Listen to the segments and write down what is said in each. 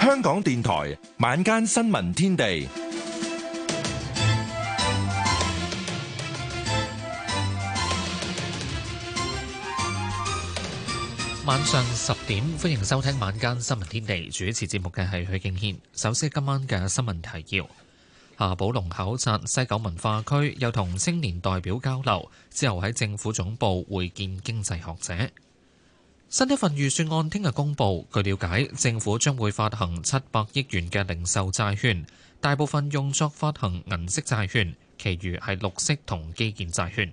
香港電台晚間新聞天地。晚上十點，歡迎收聽晚間新聞天地。主持節目嘅係許敬軒。首先，今晚嘅新聞提要：夏寶龍考察西九文化區，又同青年代表交流，之後喺政府總部會見經濟學者。新一份預算案聽日公布。據了解，政府將會發行七百億元嘅零售債券，大部分用作發行銀色債券，其餘係綠色同基建債券。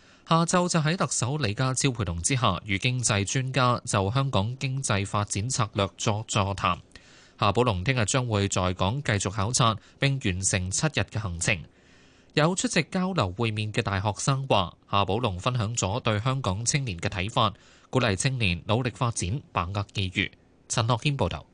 下晝就喺特首李家超陪同之下，與經濟專家就香港經濟發展策略作座談，夏寶龍聽日將會在港繼續考察並完成七日嘅行程。有出席交流會面嘅大學生話夏寶龍分享咗對香港青年嘅睇法，鼓勵青年努力發展，把握機遇。陳學謙報道。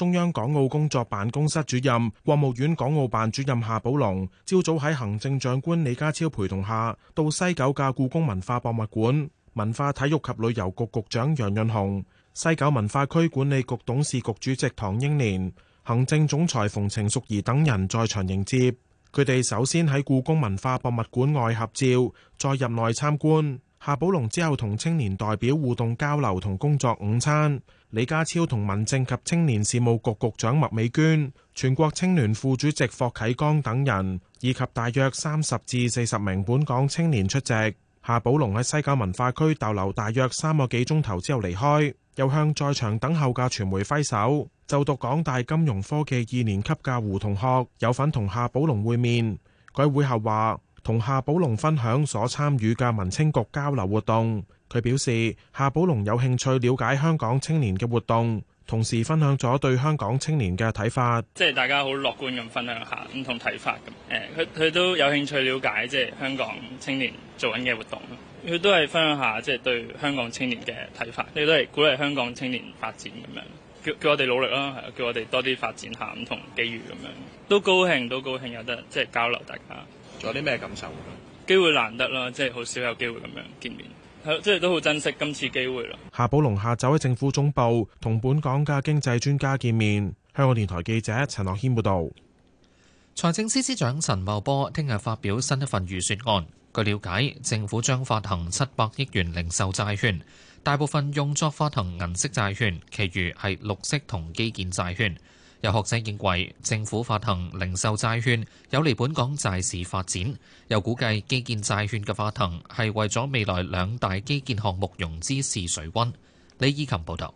中央港澳工作辦公室主任、國務院港澳辦主任夏寶龍，朝早喺行政長官李家超陪同下，到西九嘅故宮文化博物館，文化體育及旅遊局局長楊潤雄、西九文化區管理局董事局主席唐英年、行政總裁馮程淑儀等人在場迎接。佢哋首先喺故宮文化博物館外合照，再入內參觀。夏寶龍之後同青年代表互動交流同工作午餐。李家超同民政及青年事務局局長麥美娟、全國青聯副主席霍啟剛等人，以及大約三十至四十名本港青年出席。夏寶龍喺西九文化區逗留大約三個幾鐘頭之後離開，又向在場等候嘅傳媒揮手。就讀港大金融科技二年級嘅胡同學有份同夏寶龍會面。佢喺會後話。同夏寶龍分享所參與嘅民青局交流活動，佢表示夏寶龍有興趣了解香港青年嘅活動，同時分享咗對香港青年嘅睇法，即係大家好樂觀咁分享下唔同睇法咁。誒、欸，佢佢都有興趣了解即係、就是、香港青年做緊嘅活動，佢都係分享下即係、就是、對香港青年嘅睇法，佢都係鼓勵香港青年發展咁樣，叫叫我哋努力啦，係啊，叫我哋多啲發展下唔同機遇咁樣，都高興都高興有得即係、就是、交流大家。有啲咩感受？機會難得啦，即係好少有機會咁樣見面，係即係都好珍惜今次機會啦。夏寶龍下晝喺政府總部同本港嘅經濟專家見面。香港電台記者陳樂軒報導。財政司司長陳茂波聽日發表新一份預算案。據了解，政府將發行七百億元零售債券，大部分用作發行銀色債券，其餘係綠色同基建債券。有學者認為政府發行零售債券有利本港債市發展，又估計基建債券嘅發行係為咗未來兩大基建項目融資試水溫。李依琴報導。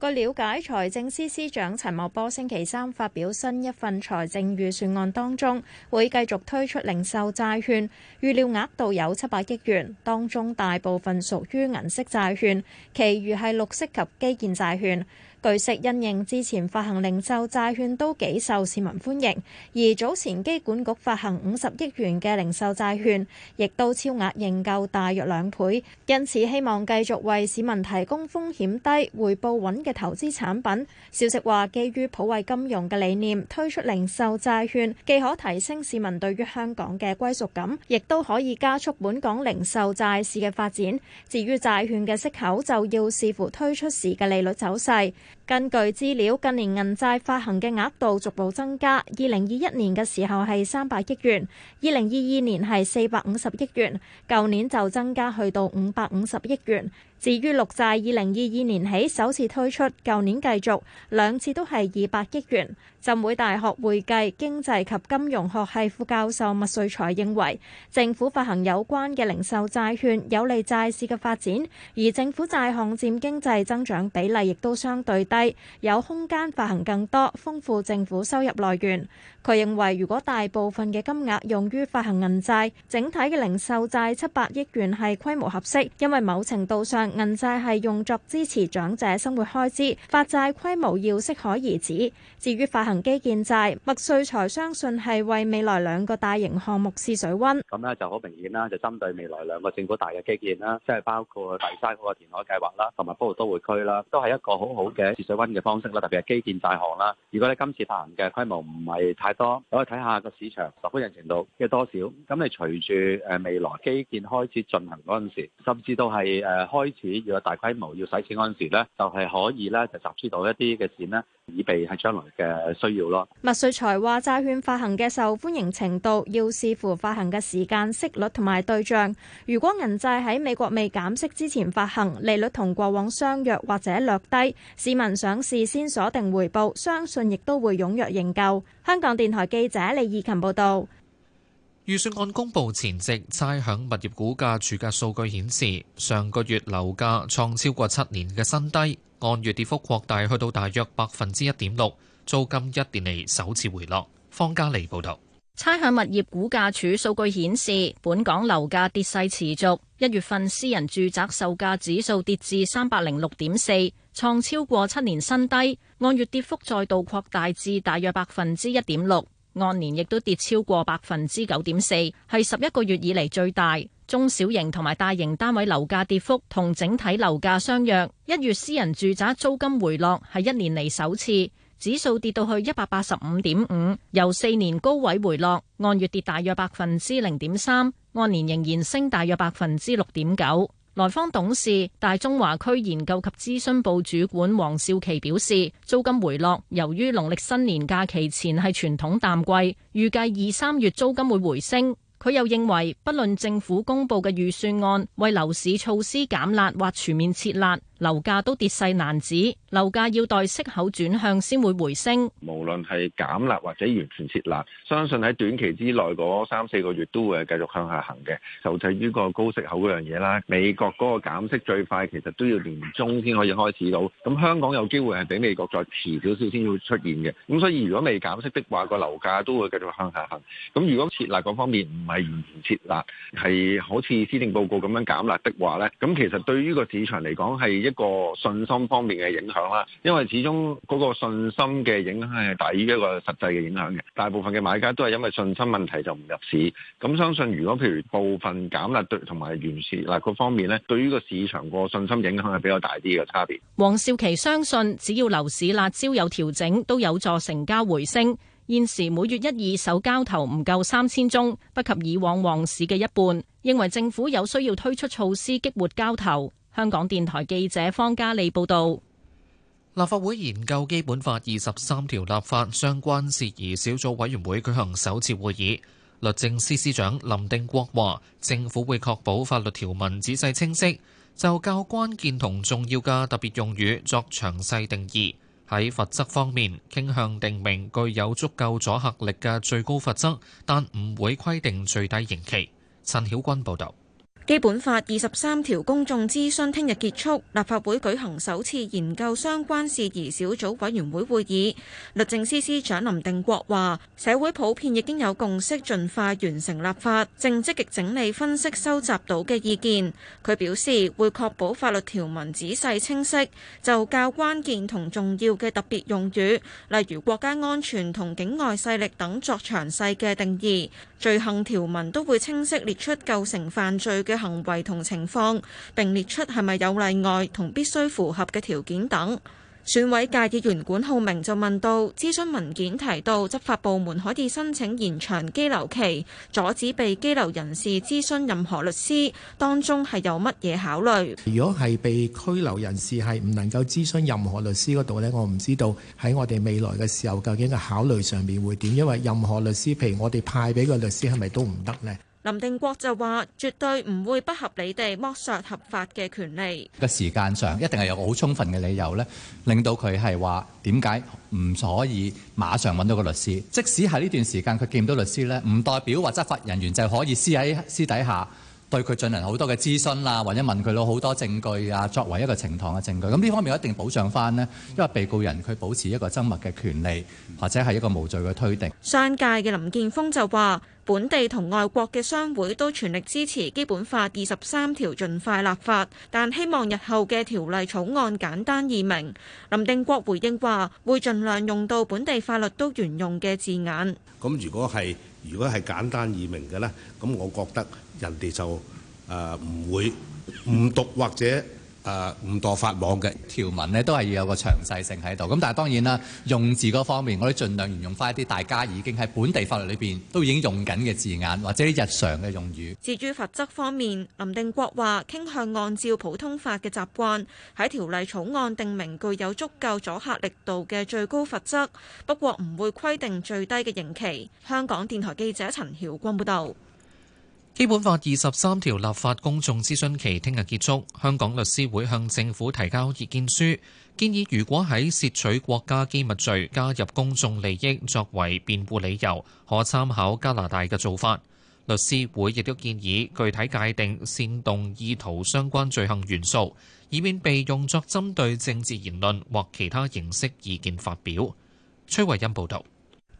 據了解，財政司司長陳茂波星期三發表新一份財政預算案，當中會繼續推出零售債券，預料額度有七百億元，當中大部分屬於銀色債券，其餘係綠色及基建債券。據悉因應之前發行零售債券都幾受市民歡迎，而早前機管局發行五十億元嘅零售債券，亦都超額認購大約兩倍。因此，希望繼續為市民提供風險低、回報穩嘅投資產品。消息話，基於普惠金融嘅理念推出零售債券，既可提升市民對於香港嘅歸屬感，亦都可以加速本港零售債市嘅發展。至於債券嘅息口，就要視乎推出時嘅利率走勢。根據資料，近年銀債發行嘅額度逐步增加，二零二一年嘅時候係三百億元，二零二二年係四百五十億元，舊年就增加去到五百五十億元。至於綠債，二零二二年起首次推出，舊年繼續，兩次都係二百億元。浸會大學會計、經濟及金融學系副教授麥瑞才認為，政府發行有關嘅零售債券有利債市嘅發展，而政府債項佔經濟增長比例亦都相對低，有空間發行更多，豐富政府收入來源。佢認為，如果大部分嘅金額用於發行銀債，整體嘅零售債七百億元係規模合適，因為某程度上銀債係用作支持長者生活開支，發債規模要適可而止。至於發行基建債，麥萃才相信係為未來兩個大型項目試水温。咁咧就好明顯啦，就針對未來兩個政府大嘅基建啦，即係包括第三個填海計劃啦，同埋北部都會區啦，都係一個好好嘅試水温嘅方式啦。特別係基建大項啦，如果你今次發行嘅規模唔係太多，你可以睇下個市場受歡迎程度嘅多少。咁你隨住誒未來基建開始進行嗰陣時，甚至到係誒開始要大規模要使錢嗰陣時咧，就係可以咧就集資到一啲嘅錢咧，以備喺將來嘅需要咯。麥萃才話，債券發行嘅受歡迎程度要視乎發行嘅時間、息率同埋對象。如果銀債喺美國未減息之前發行，利率同過往相若或者略低，市民想事先鎖定回報，相信亦都會踴躍認購。香港電台記者李義勤報道。預算案公布前夕，差餉物業估價署樓價數據顯示，上個月樓價創超過七年嘅新低，按月跌幅擴大，去到大約百分之一點六。租金一年嚟首次回落。方家利報道，差餉物業估價處數據顯示，本港樓價跌勢持續。一月份私人住宅售價指數跌至三百零六點四，創超過七年新低，按月跌幅再度擴大至大約百分之一點六，按年亦都跌超過百分之九點四，係十一個月以嚟最大。中小型同埋大型單位樓價跌幅同整體樓價相若，一月私人住宅租金回落係一年嚟首次。指數跌到去一百八十五點五，由四年高位回落，按月跌大約百分之零點三，按年仍然升大約百分之六點九。萊坊董事，大中華區研究及諮詢部主管黃少琪表示，租金回落，由於農曆新年假期前係傳統淡季，預計二三月租金會回升。佢又認為，不論政府公布嘅預算案為樓市措施減辣或全面撤辣，樓價都跌勢難止，樓價要待息口轉向先會回升。無論係減辣或者完全撤辣，相信喺短期之內嗰三四個月都會繼續向下行嘅。受制於個高息口嗰樣嘢啦，美國嗰個減息最快其實都要年中先可以開始到，咁香港有機會係比美國再遲少少先會出現嘅。咁所以如果未減息的話，那個樓價都會繼續向下行。咁如果撤辣嗰方面唔係完全撤辣，係好似施政報告咁樣減辣的話呢，咁其實對於個市場嚟講係一個信心方面嘅影響啦，因為始終嗰個信心嘅影響係大於一個實際嘅影響嘅。大部分嘅買家都係因為信心問題就唔入市。咁、嗯、相信如果譬如，譬如部分減辣對同埋完善嗱個方面呢對呢個市場個信心影響係比較大啲嘅差別。黃少琪相信，只要樓市辣招有調整，都有助成交回升。現時每月一二手交投唔夠三千宗，不及以往旺市嘅一半。認為政府有需要推出措施激活交投。香港電台記者方嘉莉報道，立法會研究基本法二十三條立法相關事宜小組委員會舉行首次會議。律政司司長林定國話，政府會確保法律條文仔細清晰，就較關鍵同重要嘅特別用語作詳細定義。喺罰則方面，傾向定明具有足夠阻嚇力嘅最高罰則，但唔會規定最低刑期。陳曉君報道。基本法二十三條公眾諮詢聽日結束，立法會舉行首次研究相關事宜小組委員會會議。律政司司長林定國話：社會普遍已經有共識，盡快完成立法，正積極整理分析收集到嘅意見。佢表示會確保法律條文仔細清晰，就較關鍵同重要嘅特別用語，例如國家安全同境外勢力等作詳細嘅定義。罪行條文都會清晰列出構成犯罪嘅嘅行為同情況，並列出係咪有例外同必須符合嘅條件等。選委界議員管浩明就問到：諮詢文件提到執法部門可以申請延長羈留期，阻止被羈留人士諮詢任何律師，當中係有乜嘢考慮？如果係被拘留人士係唔能夠諮詢任何律師嗰度呢，我唔知道喺我哋未來嘅時候究竟嘅考慮上面會點？因為任何律師，譬如我哋派俾個律師係咪都唔得呢？林定國就話：絕對唔會不合理地剝削合法嘅權利。個時間上一定係有好充分嘅理由咧，令到佢係話點解唔可以馬上揾到個律師。即使喺呢段時間佢見唔到律師咧，唔代表或執法人員就可以私喺私底下。對佢進行好多嘅諮詢啦，或者問佢攞好多證據啊，作為一個呈堂嘅證據。咁呢方面一定保障翻呢，因為被告人佢保持一個緘默嘅權利，或者係一個無罪嘅推定。商界嘅林健鋒就話：本地同外國嘅商會都全力支持《基本法》二十三條盡快立法，但希望日後嘅條例草案簡單易明。林定國回應話：會盡量用到本地法律都沿用嘅字眼。咁如果係？如果係簡單易明嘅咧，咁我覺得人哋就誒唔、呃、會誤讀或者。誒唔、啊、多法網嘅條文咧，都係要有個詳細性喺度。咁但係當然啦，用字嗰方面，我哋盡量沿用翻一啲大家已經喺本地法律裏邊都已經用緊嘅字眼，或者日常嘅用語。至於罰則方面，林定國話傾向按照普通法嘅習慣，喺條例草案定明具有足夠阻嚇力度嘅最高罰則，不過唔會規定最低嘅刑期。香港電台記者陳曉君報導。基本法二十三條立法公眾諮詢期聽日結束，香港律師會向政府提交意見書，建議如果喺竊取國家機密罪加入公眾利益作為辯護理由，可參考加拿大嘅做法。律師會亦都建議具體界定煽動意圖相關罪行元素，以免被用作針對政治言論或其他形式意見發表。崔慧恩報導。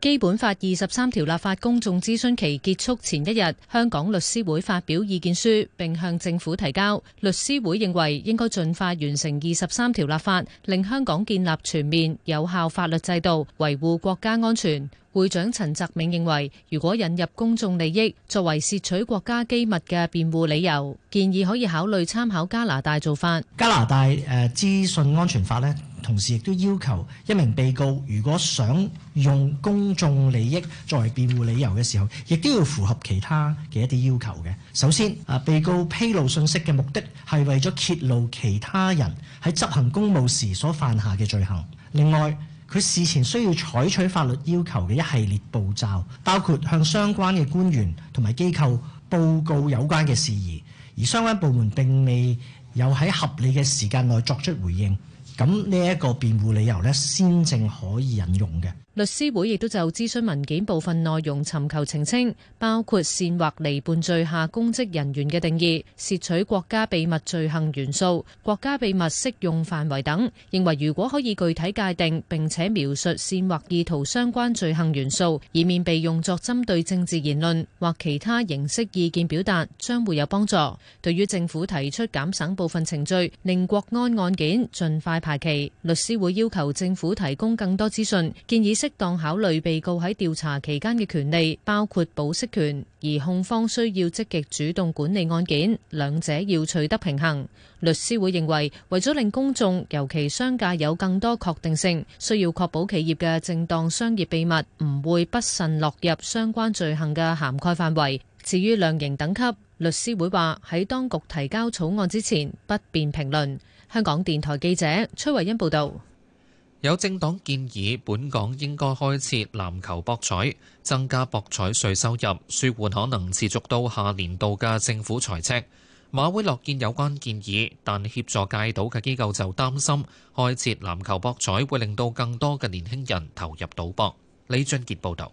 基本法二十三條立法公眾諮詢期結束前一日，香港律師會發表意見書，並向政府提交。律師會認為應該盡快完成二十三條立法，令香港建立全面有效法律制度，維護國家安全。會長陳澤明認為，如果引入公眾利益作為竊取國家機密嘅辯護理由，建議可以考慮參考加拿大做法。加拿大誒，資訊安全法呢，同時亦都要求一名被告，如果想用公眾利益作為辯護理由嘅時候，亦都要符合其他嘅一啲要求嘅。首先，啊、呃，被告披露信息嘅目的係為咗揭露其他人喺執行公務時所犯下嘅罪行。另外佢事前需要採取法律要求嘅一系列步驟，包括向相關嘅官員同埋機構報告有關嘅事宜，而相關部門並未有喺合理嘅時間內作出回應，咁呢一個辯護理由咧先正可以引用嘅。律師會亦都就諮詢文件部分內容尋求澄清，包括煽惑離叛罪下公職人員嘅定義、竊取國家秘密罪行元素、國家秘密適用範圍等。認為如果可以具體界定並且描述煽惑意圖相關罪行元素，以免被用作針對政治言論或其他形式意見表達，將會有幫助。對於政府提出減省部分程序，令國安案件盡快排期，律師會要求政府提供更多資訊，建議。適當考慮被告喺調查期間嘅權利，包括保釋權，而控方需要積極主動管理案件，兩者要取得平衡。律師會認為，為咗令公眾，尤其商界有更多確定性，需要確保企業嘅正當商業秘密，唔會不慎落入相關罪行嘅涵蓋範圍。至於量刑等級，律師會話，喺當局提交草案之前，不便評論。香港電台記者崔慧欣報道。有政黨建議，本港應該開設籃球博彩，增加博彩稅收入，舒緩可能持續到下年度嘅政府財赤。馬會樂見有關建議，但協助戒賭嘅機構就擔心開設籃球博彩會令到更多嘅年輕人投入賭博。李俊傑報導。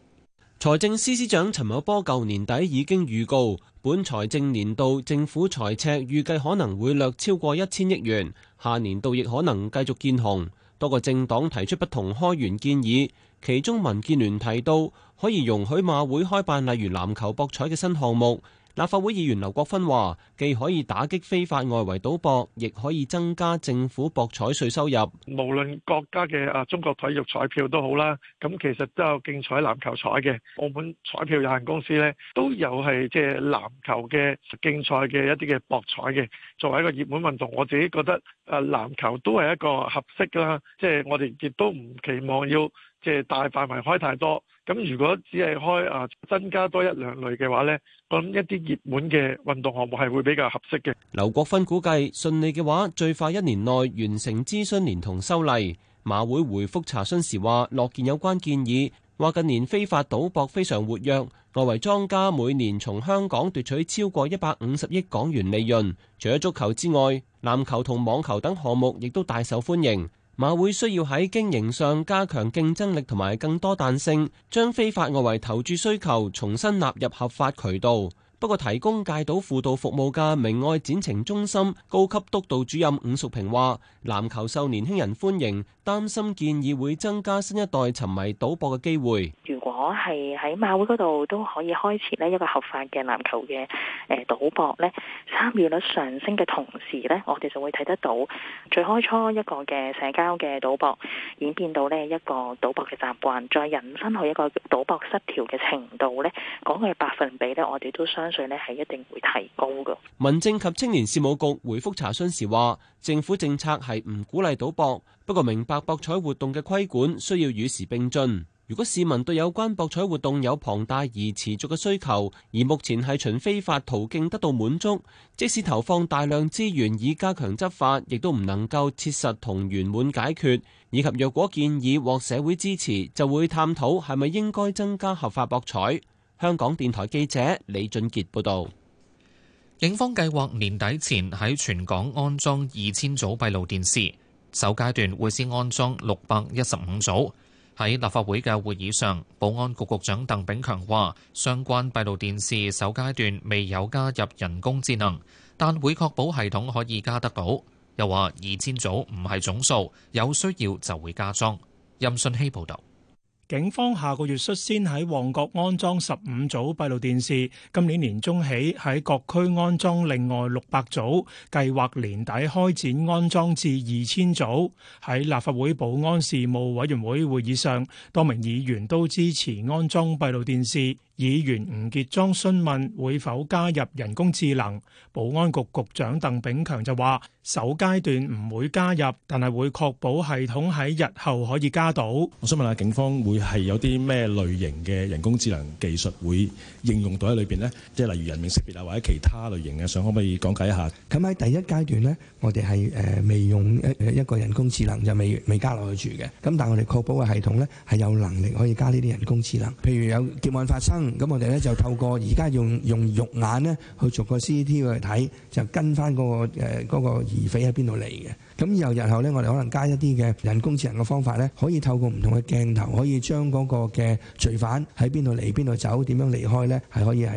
財政司司長陳茂波舊年底已經預告，本財政年度政府財赤預計可能會略超過一千億元，下年度亦可能繼續見紅。多個政黨提出不同開源建議，其中民建聯提到可以容許馬會開辦例如籃球博彩嘅新項目。立法會議員劉國芬話：既可以打擊非法外圍賭博，亦可以增加政府博彩稅收入。無論國家嘅啊中國體育彩票都好啦，咁其實都有競彩籃球彩嘅，澳門彩票有限公司呢，都有係即係籃球嘅競賽嘅一啲嘅博彩嘅，作為一個熱門運動，我自己覺得啊籃球都係一個合適啦，即係我哋亦都唔期望要即係大範圍開太多。咁如果只係開啊增加多一兩類嘅話，咧，咁一啲熱門嘅運動項目係會比較合適嘅。劉國芬估計順利嘅話，最快一年內完成諮詢連同修例馬會回覆查詢時話，樂見有關建議，話近年非法賭博非常活躍，外圍莊家每年從香港奪取超過一百五十億港元利潤，除咗足球之外，籃球同網球等項目亦都大受歡迎。馬會需要喺經營上加強競爭力同埋更多彈性，將非法外圍投注需求重新納入合法渠道。不過，提供戒賭輔導服務嘅明愛展情中心高級督導主任伍淑平話，籃球受年輕人歡迎。擔心建議會增加新一代沉迷賭博嘅機會。如果係喺馬會嗰度都可以開設咧一個合法嘅籃球嘅誒賭博咧，參與率上升嘅同時咧，我哋就會睇得到最開初一個嘅社交嘅賭博演變到呢一個賭博嘅習慣，再引申去一個賭博失調嘅程度咧，嗰個百分比咧，我哋都相信咧係一定會提高嘅。民政及青年事務局回覆查詢時話，政府政策係唔鼓勵賭博。不過明白，博彩活動嘅規管需要與時並進。如果市民對有關博彩活動有龐大而持續嘅需求，而目前係循非法途徑得到滿足，即使投放大量資源以加強執法，亦都唔能夠切實同圓滿解決。以及若果建議獲社會支持，就會探討係咪應該增加合法博彩。香港電台記者李俊傑報道。警方計劃年底前喺全港安裝二千組閉路電視。首階段會先安裝六百一十五組。喺立法會嘅會議上，保安局局長鄧炳強話：相關閉路電視首階段未有加入人工智能，但會確保系統可以加得到。又話二千組唔係總數，有需要就會加裝。任信希報導。警方下個月率先喺旺角安裝十五組閉路電視，今年年中起喺各區安裝另外六百組，計劃年底開展安裝至二千組。喺立法會保安事務委員會會議上，多名議員都支持安裝閉路電視。議員吳傑莊詢問會否加入人工智能，保安局局長鄧炳強就話：首階段唔會加入，但係會確保系統喺日後可以加到。我想問下警方會係有啲咩類型嘅人工智能技術會應用到喺裏邊呢？即係例如人面識別啊，或者其他類型嘅，想可唔可以講解一下？咁喺第一階段呢，我哋係誒未用一一個人工智能就未未加落去住嘅。咁但係我哋確保嘅系統呢，係有能力可以加呢啲人工智能。譬如有劫案發生。咁我哋咧就透過而家用用肉眼咧去逐個 CCTV 去睇，就跟翻嗰個誒嗰個疑匪喺邊度嚟嘅。咁以後日後咧，我哋可能加一啲嘅人工智能嘅方法咧，可以透過唔同嘅鏡頭，可以將嗰個嘅罪犯喺邊度嚟、邊度走、點樣離開咧，係可以係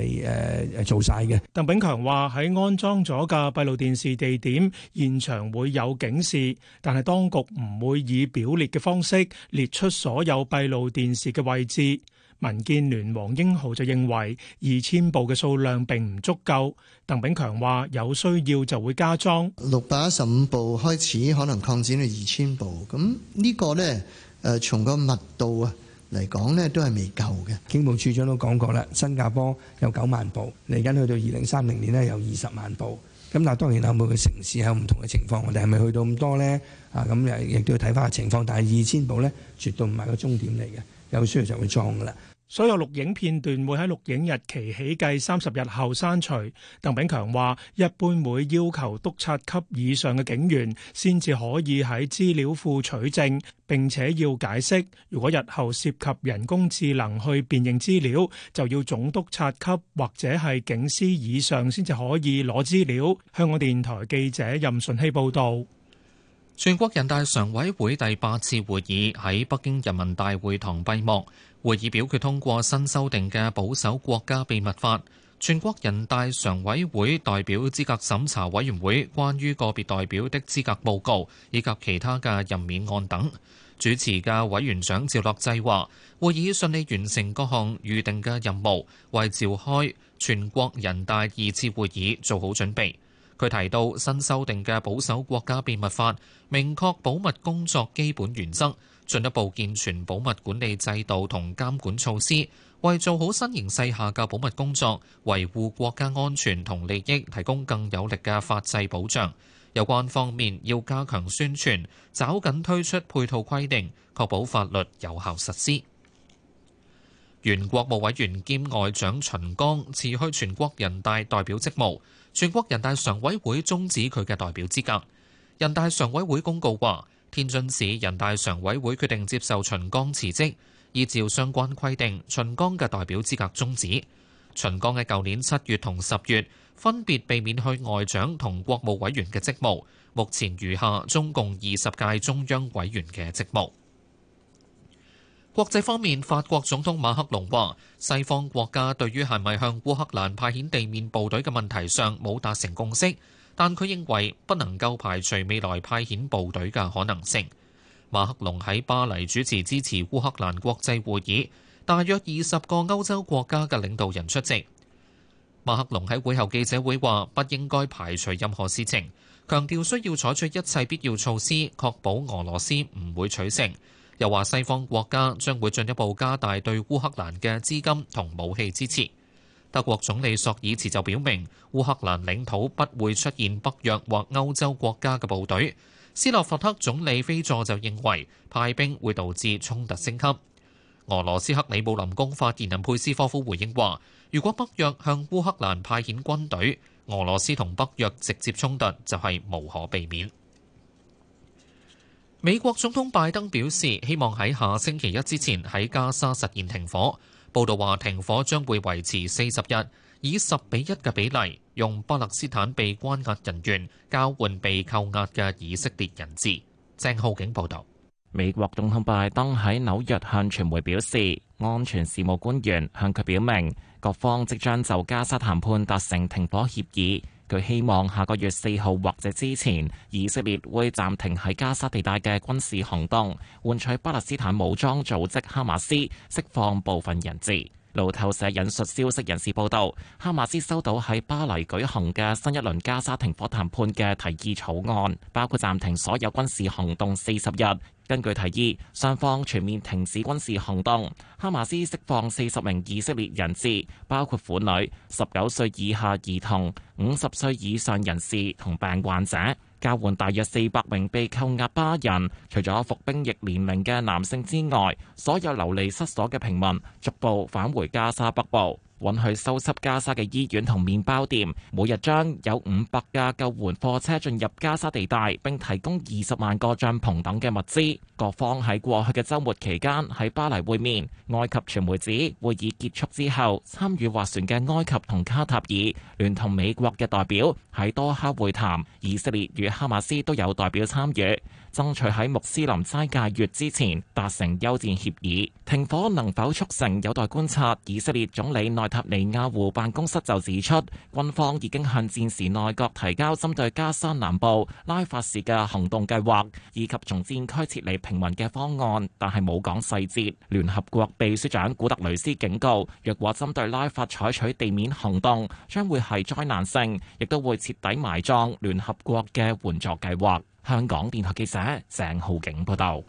誒誒做曬嘅。鄧炳強話：喺安裝咗嘅閉路電視地點，現場會有警示，但係當局唔會以表列嘅方式列出所有閉路電視嘅位置。民建聯黃英豪就認為二千部嘅數量並唔足夠。鄧炳強話有需要就會加裝六百一十五部開始，可能擴展到二千部。咁呢個呢，誒、呃、從個密度啊嚟講呢，都係未夠嘅。警務處長都講過啦，新加坡有九萬部，嚟緊去到二零三零年呢，有二十萬部。咁但係當然有每個城市有唔同嘅情況，我哋係咪去到咁多呢？啊咁亦亦都要睇翻個情況。但係二千部呢，絕對唔係個終點嚟嘅，有需要就會裝噶啦。所有錄影片段會喺錄影日期起計三十日後刪除。鄧炳強話，一般會要求督察級以上嘅警員先至可以喺資料庫取證，並且要解釋。如果日後涉及人工智能去辨認資料，就要總督察級或者係警司以上先至可以攞資料。香港電台記者任順希報道。全國人大常委會第八次會議喺北京人民大會堂閉幕。會議表決通過新修訂嘅《保守國家秘密法》、全國人大常委會代表資格審查委員會關於個別代表的資格報告以及其他嘅任免案等。主持嘅委員長趙樂際話，會議順利完成各項預定嘅任務，為召開全國人大二次會議做好準備。佢提到新修定嘅保守國家秘密法，明確保密工作基本原則，進一步健全保密管理制度同監管措施，為做好新形勢下嘅保密工作，維護國家安全同利益，提供更有力嘅法制保障。有關方面要加強宣傳，抓緊推出配套規定，確保法律有效實施。原國務委員兼外長秦剛辭去全國人大代表職務，全國人大常委會終止佢嘅代表資格。人大常委會公告話天津市人大常委會決定接受秦剛辭職，依照相關規定，秦剛嘅代表資格終止。秦剛喺舊年七月同十月分別被免去外長同國務委員嘅職務，目前餘下中共二十屆中央委員嘅職務。國際方面，法國總統馬克龍話，西方國家對於係咪向烏克蘭派遣地面部隊嘅問題上冇達成共識，但佢認為不能夠排除未來派遣部隊嘅可能性。馬克龍喺巴黎主持支持烏克蘭國際會議，大約二十個歐洲國家嘅領導人出席。馬克龍喺會後記者會話，不應該排除任何事情，強調需要採取一切必要措施，確保俄羅斯唔會取勝。又話西方國家將會進一步加大對烏克蘭嘅資金同武器支持。德國總理索爾茨就表明，烏克蘭領土不會出現北約或歐洲國家嘅部隊。斯洛伐克總理菲佐就認為派兵會導致衝突升級。俄羅斯克里姆林宮發言人佩斯科夫回應話：如果北約向烏克蘭派遣軍隊，俄羅斯同北約直接衝突就係無可避免。美國總統拜登表示，希望喺下星期一之前喺加沙實現停火。報道話，停火將會維持四十日，以十比一嘅比例用巴勒斯坦被關押人員交換被扣押嘅以色列人質。鄭浩景報道，美國總統拜登喺紐約向傳媒表示，安全事務官員向佢表明，各方即將就加沙談判達成停火協議。佢希望下個月四號或者之前，以色列會暫停喺加沙地帶嘅軍事行動，換取巴勒斯坦武裝組織哈馬斯，釋放部分人質。路透社引述消息人士報道，哈馬斯收到喺巴黎舉行嘅新一輪加沙停火談判嘅提議草案，包括暫停所有軍事行動四十日。根據提議，雙方全面停止軍事行動，哈馬斯釋放四十名以色列人士，包括婦女、十九歲以下兒童、五十歲以上人士同病患者，交換大約四百名被扣押巴人，除咗服兵役年齡嘅男性之外，所有流離失所嘅平民逐步返回加沙北部。允許修葺加沙嘅醫院同麵包店，每日將有五百架救援貨車進入加沙地帶，並提供二十萬個帳篷等嘅物資。各方喺過去嘅週末期間喺巴黎會面。埃及傳媒指會議結束之後，參與划船嘅埃及同卡塔爾聯同美國嘅代表喺多哈會談，以色列與哈馬斯都有代表參與。爭取喺穆斯林齋戒月之前達成休戰協議，停火能否促成有待觀察。以色列總理內塔尼亞胡辦公室就指出，軍方已經向戰時內閣提交針對加沙南部拉法市嘅行動計劃，以及從戰區撤離平民嘅方案，但係冇講細節。聯合國秘書長古特雷斯警告，若果針對拉法採取地面行動，將會係災難性，亦都會徹底埋葬聯合國嘅援助計劃。香港電台記者鄭浩景報道：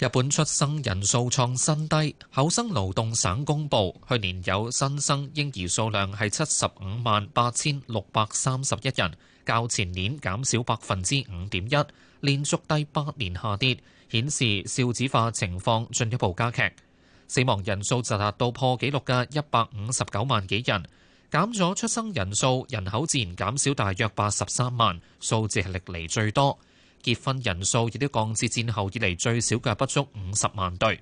日本出生人數創新低，厚生勞動省公布去年有新生嬰兒數量係七十五萬八千六百三十一人，較前年減少百分之五點一，連續第八年下跌，顯示少子化情況進一步加劇。死亡人數就達到破紀錄嘅一百五十九萬幾人，減咗出生人數，人口自然減少大約八十三萬，數字係歷嚟最多。結婚人數亦都降至戰後以嚟最少嘅不足五十萬對。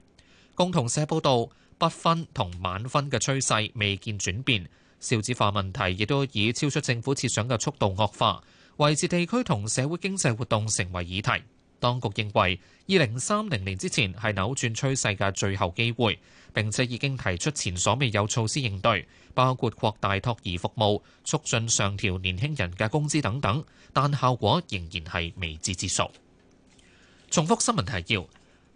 共同社報道，不婚同晚婚嘅趨勢未見轉變，少子化問題亦都以超出政府設想嘅速度惡化，維持地區同社會經濟活動成為議題。當局認為，二零三零年之前係扭轉趨勢嘅最後機會。並且已經提出前所未有措施應對，包括擴大托兒服務、促進上調年輕人嘅工資等等。但效果仍然係未知之數。重複新聞提要：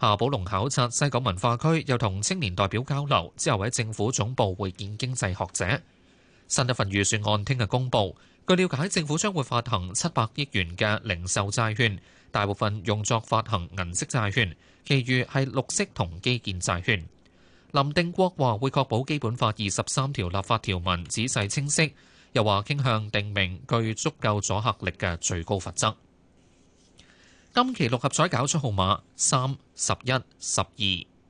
夏寶龍考察西九文化區，又同青年代表交流，之後喺政府總部會見經濟學者。新一份預算案聽日公布。據了解，政府將會發行七百億元嘅零售債券，大部分用作發行銀色債券，其餘係綠色同基建債券。林定國話會確保《基本法》二十三條立法條文仔細清晰，又話傾向定明具足夠阻嚇力嘅最高罰則。今期六合彩搞出號碼三十一、十二、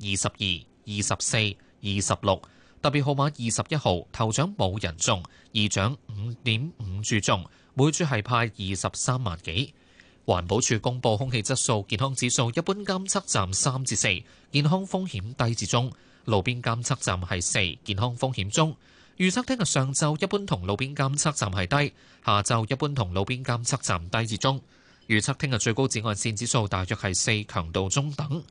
二十二、二十四、二十六，特別號碼二十一號，頭獎冇人中，二獎五點五注中，每注係派二十三萬幾。環保署公布空氣質素健康指數，一般監測站三至四，健康風險低至中。路邊監測站係四，健康風險中。預測聽日上晝一般同路邊監測站係低，下晝一般同路邊監測站低至中。預測聽日最高紫外線指數大約係四，強度中等。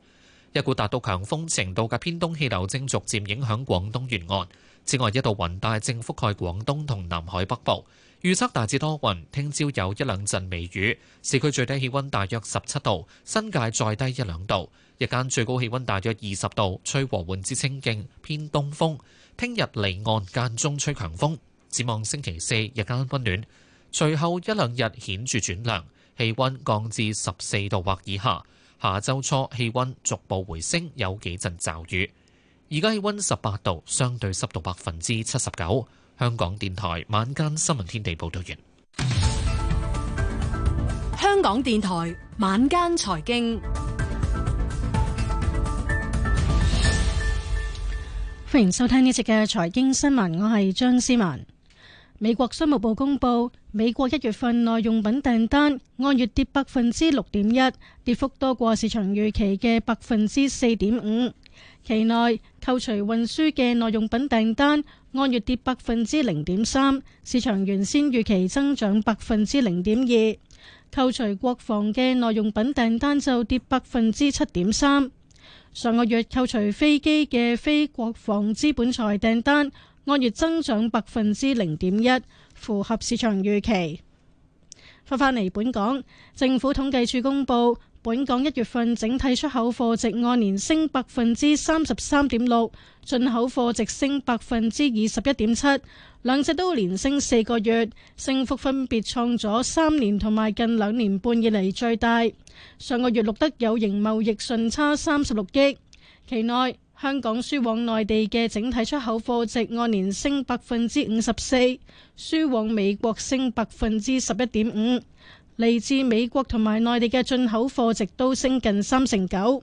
一股達到強風程度嘅偏東氣流正逐漸影響廣東沿岸。此外，一道雲帶正覆蓋廣東同南海北部。預測大致多雲，聽朝有一兩陣微雨。市區最低氣溫大約十七度，新界再低一兩度。日間最高氣溫大約二十度，吹和緩之清勁偏東風。聽日離岸間中吹強風，展望星期四日間溫暖，隨後一兩日顯著轉涼，氣溫降至十四度或以下。下周初氣溫逐步回升，有幾陣驟雨。而家氣溫十八度，相對濕度百分之七十九。香港電台晚間新聞天地報道完。香港電台晚間財經。歡迎收聽呢集嘅財經新聞，我係張思文。美國商務部公布，美國一月份耐用品訂單按月跌百分之六點一，跌幅多過市場預期嘅百分之四點五。期內扣除運輸嘅耐用品訂單按月跌百分之零點三，市場原先預期增長百分之零點二。扣除國防嘅耐用品訂單就跌百分之七點三。上個月扣除飛機嘅非國防資本財訂單按月增長百分之零點一，符合市場預期。翻返嚟本港，政府統計處公佈本港一月份整體出口貨值按年升百分之三十三點六，進口貨值升百分之二十一點七。兩隻都連升四個月，升幅分別創咗三年同埋近兩年半以嚟最大。上個月錄得有形貿易順差三十六億，期內香港輸往內地嘅整體出口貨值按年升百分之五十四，輸往美國升百分之十一點五，嚟自美國同埋內地嘅進口貨值都升近三成九。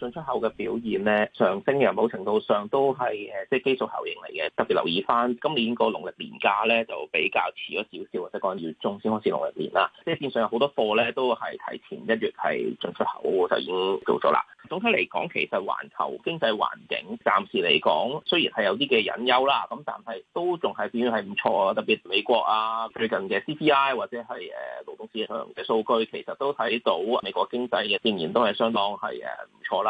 進出口嘅表現咧上升，嘅某程度上都係誒，即係基數效應嚟嘅。特別留意翻今年個農曆年假咧，就比較遲咗少少，或者講月中先開始農曆年啦。即係線上有好多貨咧，都係提前一月係進出口就已經做咗啦。總體嚟講，其實環球經濟環境暫時嚟講，雖然係有啲嘅隱憂啦，咁但係都仲係表現係唔錯。特別美國啊，最近嘅 CPI 或者係誒勞動市場嘅數據，其實都睇到美國經濟嘅仍然都係相當係誒唔錯啦。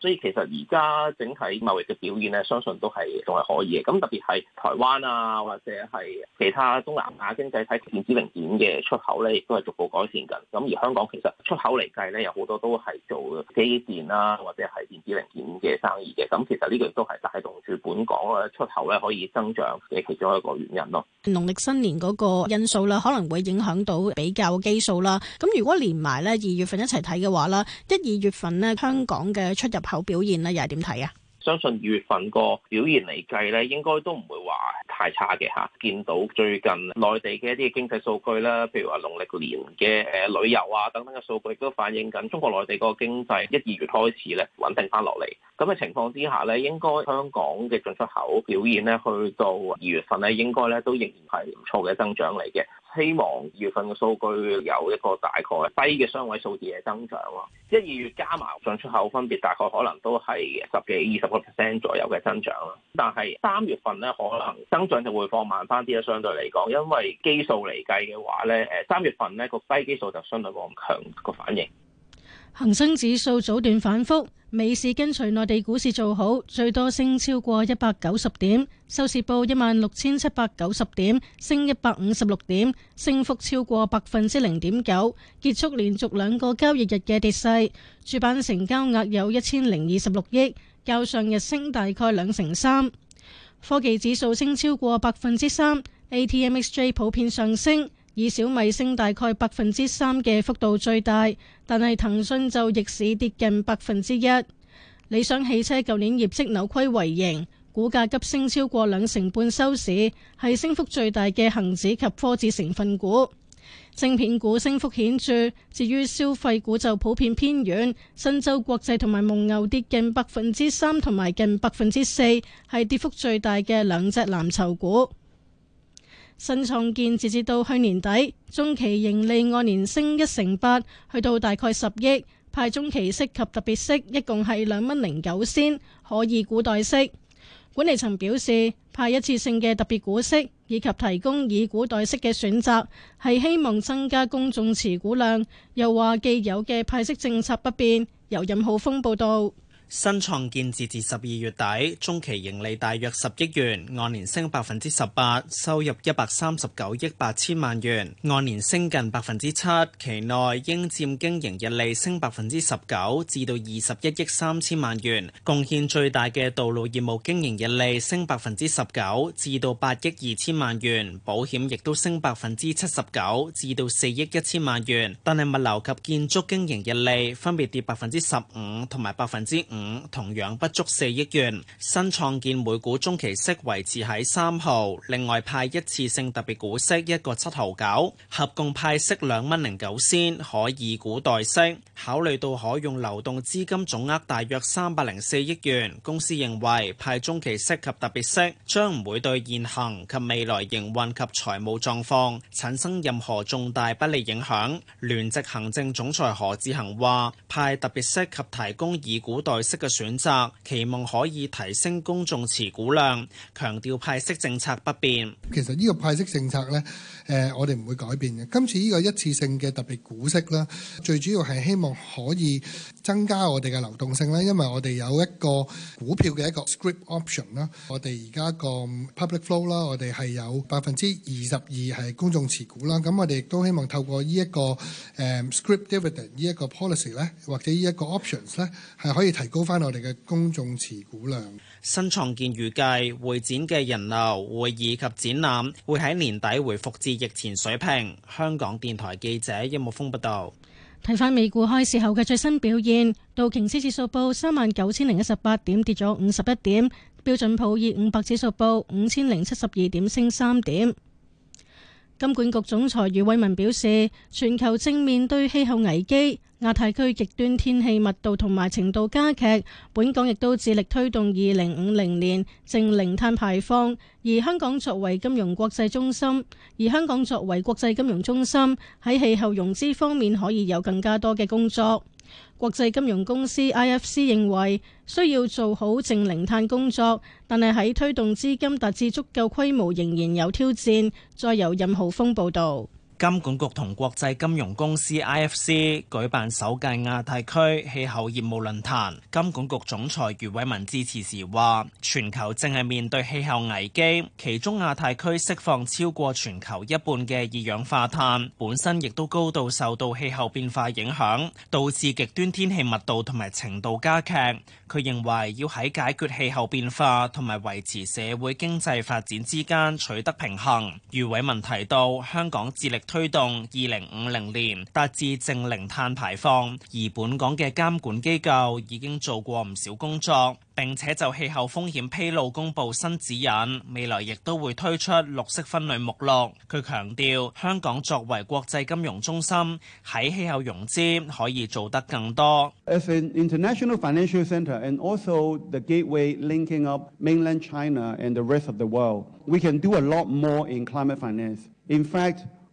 所以其實而家整體貿易嘅表現咧，相信都係仲係可以嘅。咁特別係台灣啊，或者係其他東南亞經濟體電子零件嘅出口呢，亦都係逐步改善緊。咁而香港其實出口嚟計呢，有好多都係做機電啦，或者係電子零件嘅生意嘅。咁其實呢個亦都係帶動住本港嘅出口咧可以增長嘅其中一個原因咯。農曆新年嗰個因素啦，可能會影響到比較基數啦。咁如果連埋咧二月份一齊睇嘅話啦，一二月份呢，香港嘅出入口表現咧又係點睇啊？相信二月份個表現嚟計咧，應該都唔會話太差嘅吓。見到最近內地嘅一啲經濟數據啦，譬如話農曆年嘅誒旅遊啊等等嘅數據，亦都反映緊中國內地個經濟一二月開始咧穩定翻落嚟。咁嘅情況之下咧，應該香港嘅進出口表現咧，去到二月份咧，應該咧都仍然係唔錯嘅增長嚟嘅。希望二月份嘅數據有一個大概低嘅雙位數字嘅增長咯，一二月加埋進出口分別大概可能都係十幾二十個 percent 左右嘅增長咯，但係三月份咧可能增長就會放慢翻啲咯，相對嚟講，因為基數嚟計嘅話咧，誒三月份咧個低基數就相對冇咁強個反應。恒生指數早段反覆，美市跟隨內地股市做好，最多升超過一百九十點，收市報一萬六千七百九十點，升一百五十六點，升幅超過百分之零點九，結束連續兩個交易日嘅跌勢。主板成交額有一千零二十六億，較上日升大概兩成三。科技指數升超過百分之三，ATMXJ 普遍上升。以小米升大概百分之三嘅幅度最大，但係騰訊就逆市跌近百分之一。理想汽車舊年業績扭虧為盈，股價急升超過兩成半收市，係升幅最大嘅恒指及科指成分股。芯片股升幅顯著，至於消費股就普遍偏軟。新洲國際同埋蒙牛跌近百分之三同埋近百分之四，係跌幅最大嘅兩隻藍籌股。新創建截至到去年底中期盈利按年升一成八，去到大概十億派中期息及特別息，一共係兩蚊零九仙，可以股代息。管理層表示派一次性嘅特別股息以及提供以股代息嘅選擇，係希望增加公眾持股量。又話既有嘅派息政策不變。由任浩峰報導。新創建截至十二月底，中期盈利大約十億元，按年升百分之十八，收入一百三十九億八千萬元，按年升近百分之七。期內應佔經營溢利升百分之十九至到二十一億三千萬元，貢獻最大嘅道路業務經營溢利升百分之十九至到八億二千萬元，保險亦都升百分之七十九至到四億一千萬元。但係物流及建築經營溢利分別跌百分之十五同埋百分之五。五同樣不足四億元，新創建每股中期息維持喺三毫，另外派一次性特別股息一個七毫九，合共派息兩蚊零九仙，可以股代息。考慮到可用流動資金總額大約三百零四億元，公司認為派中期息及特別息將唔會對現行及未來營運及財務狀況產生任何重大不利影響。聯席行政總裁何志恒話：派特別息及提供以股代嘅選擇，期望可以提升公眾持股量，強調派息政策不變。其實呢個派息政策呢。誒、呃，我哋唔會改變嘅。今次呢個一次性嘅特別股息啦，最主要係希望可以增加我哋嘅流動性啦。因為我哋有一個股票嘅一個 scrip option 啦，我哋而家個 public flow 啦，我哋係有百分之二十二係公眾持股啦。咁我哋亦都希望透過呢一個誒 scrip dividend 呢一個 policy 咧，或者呢一個 options 咧，係可以提高返我哋嘅公眾持股量。新創建預計會展嘅人流、會議及展覽會喺年底回復至疫前水平。香港電台記者一木豐報道。睇返美股開市後嘅最新表現，道瓊斯指數報三萬九千零一十八點，跌咗五十一點；標準普爾五百指數報五千零七十二點，升三點。金管局總裁余偉文表示，全球正面對氣候危機，亞太區極端天氣密度同埋程度加劇。本港亦都致力推動二零五零年淨零碳排放，而香港作為金融國際中心，而香港作為國際金融中心，喺氣候融資方面可以有更加多嘅工作。國際金融公司 IFC 認為需要做好淨零碳工作，但係喺推動資金達至足夠規模仍然有挑戰。再由任浩峰報道。金管局同國際金融公司 IFC 舉辦首屆亞太區氣候業務論壇。金管局總裁余偉文致辭時話，全球正係面對氣候危機，其中亞太區釋放超過全球一半嘅二氧化碳，本身亦都高度受到氣候變化影響，導致極端天氣密度同埋程度加劇。佢認為要喺解決氣候變化同埋維持社會經濟發展之間取得平衡。余偉文提到，香港致力推動二零五零年達至淨零碳排放，而本港嘅監管機構已經做過唔少工作，並且就氣候風險披露公布新指引，未來亦都會推出綠色分類目錄。佢強調香港作為國際金融中心，喺氣候融資可以做得更多。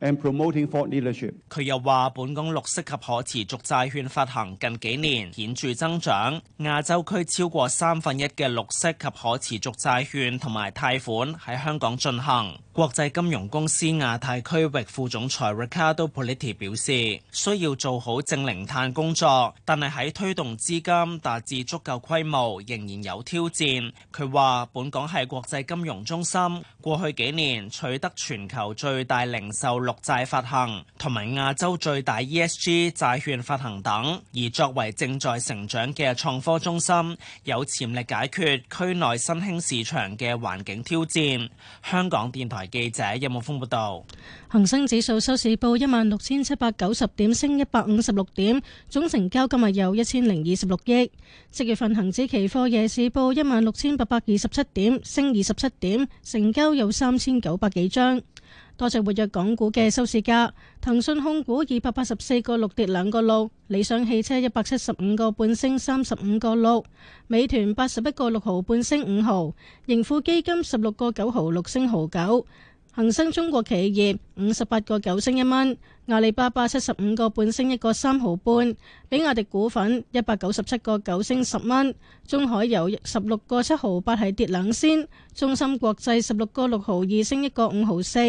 佢又話：本港綠色及可持續債券發行近幾年顯著增長，亞洲區超過三分一嘅綠色及可持續債券同埋貸款喺香港進行。國際金融公司亞太區域副總裁 Ricardo Politi 表示：需要做好淨零碳工作，但係喺推動資金達至足夠規模仍然有挑戰。佢話：本港係國際金融中心，過去幾年取得全球最大零售六債發行同埋亞洲最大 ESG 債券發行等，而作為正在成長嘅創科中心，有潛力解決區內新興市場嘅環境挑戰。香港電台記者任木峰報道，恒生指數收市報一萬六千七百九十點，升一百五十六點，總成交今日有一千零二十六億。即月份恒指期貨夜市報一萬六千八百二十七點，升二十七點，成交有三千九百幾張。多隻活躍港股嘅收市價，騰訊控股二百八十四個六跌兩個六，理想汽車一百七十五個半升三十五個六，美團八十一個六毫半升五毫，盈富基金十六個九毫六升毫九。恒生中國企業五十八個九升一蚊，阿里巴巴七十五個半升一個三毫半，比亞迪股份一百九十七個九升十蚊，中海油十六個七毫八係跌兩仙，中芯國際十六個六毫二升一個五毫四，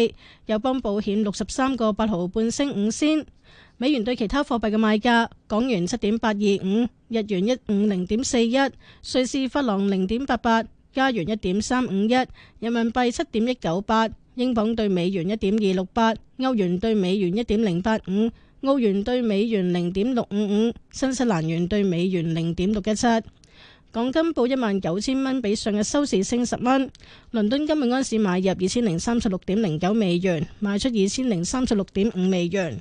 友邦保險六十三個八毫半升五仙。美元對其他貨幣嘅賣價：港元七點八二五，日元一五零點四一，瑞士法郎零點八八，加元一點三五一，人民幣七點一九八。英鎊兌美元一點二六八，歐元兌美元一點零八五，澳元兌美元零點六五五，新西蘭元兌美元零點六一七。港金報一萬九千蚊，比上日收市升十蚊。倫敦金每安士買入二千零三十六點零九美元，賣出二千零三十六點五美元。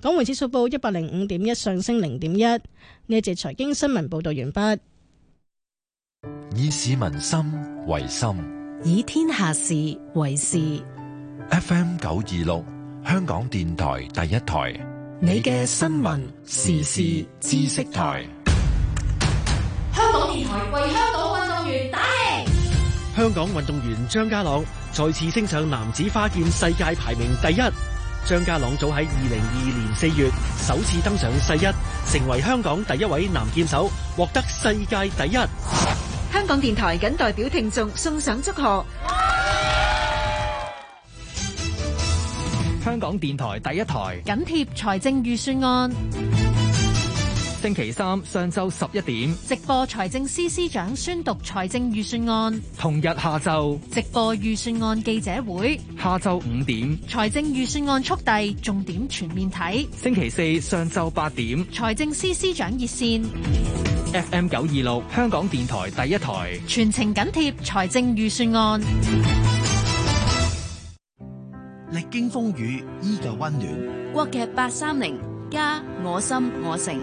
港匯指數報一百零五點一，上升零點一。呢節財經新聞報道完畢。以市民心為心，以天下事為事。F M 九二六香港電台第一台，你嘅新聞時事知識台。香港電台為香港運動員打氣。香港運動員張家朗再次升上男子花劍世界排名第一。張家朗早喺二零二二年四月首次登上世一，成為香港第一位男劍手，獲得世界第一。香港電台謹代表聽眾送上祝賀。 香港電台第一台緊貼財政預算案，星期三上晝十一點直播財政司司長宣讀財政預算案，同日下晝直播預算案記者會，下晝五點財政預算案速遞重點全面睇，星期四上晝八點財政司司長熱線，FM 九二六香港電台第一台全程緊貼財政預算案。經風雨依舊溫暖。國劇八三零加我心我城。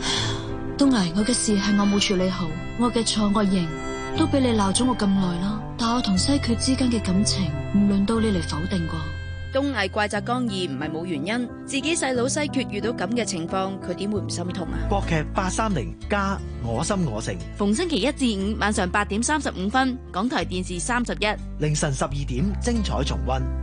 東毅，我嘅事係我冇處理好，我嘅錯我認，都俾你鬧咗我咁耐啦。但我同西決之間嘅感情，唔輪到你嚟否定啩。東毅怪責江毅唔係冇原因，自己細佬西決遇到咁嘅情況，佢點會唔心痛啊？國劇八三零加我心我城。逢星期一至五晚上八點三十五分，港台電視三十一，凌晨十二點精彩重温。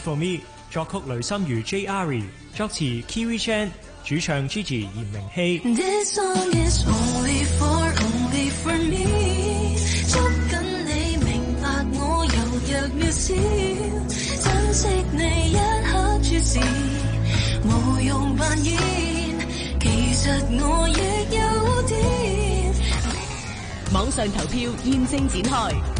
For me，作曲雷心如 J R，作詞 Kiwi Chan，主唱 Gigi 嚴明熙。This song is only for only for me，捉緊你明白我柔弱渺小，珍惜你一刻注視，無用扮演，其實我亦有污點。網上投票現正展開。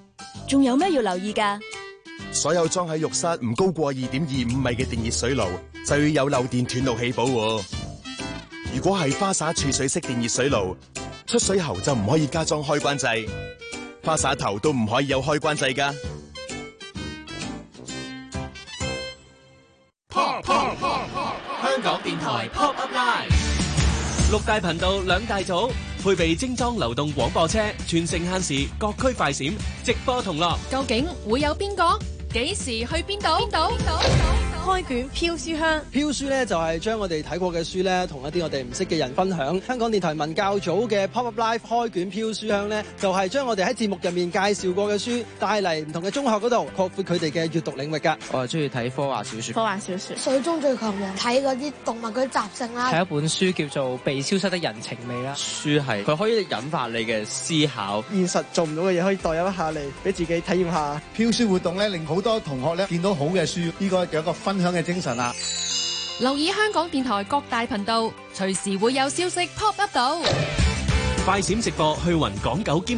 仲有咩要留意噶？所有裝喺浴室唔高過二點二五米嘅電熱水爐，就要有漏電斷路器保護。如果係花灑儲水式電熱水爐，出水喉就唔可以加裝開關掣，花灑頭都唔可以有開關掣噶。Pop Pop Pop Pop，香港電台 Pop Up Live，六大頻道兩大組。配備精裝流動廣播車，全城限時各區快閃直播同樂，究竟會有邊個？幾時去邊度？裏開卷飄書香，飄書咧就係、是、將我哋睇過嘅書咧，同一啲我哋唔識嘅人分享。香港電台文教組嘅 Pop Up Life 開卷飄書香咧，就係、是、將我哋喺節目入面介紹過嘅書帶嚟唔同嘅中學嗰度，擴闊佢哋嘅閱讀領域噶。我係中意睇科幻小說，科幻小說《水中最強人》。睇嗰啲動物嗰啲習性啦。睇一本書叫做《被消失的人情味》啦，書係佢可以引發你嘅思考，現實做唔到嘅嘢可以代入一下你，俾自己體驗下。飄書活動咧，令好多同學咧見到好嘅書，呢、這個有一個分分享嘅精神啊！留意香港電台各大頻道，隨時會有消息 pop up 到。快閃直播去云港九兼。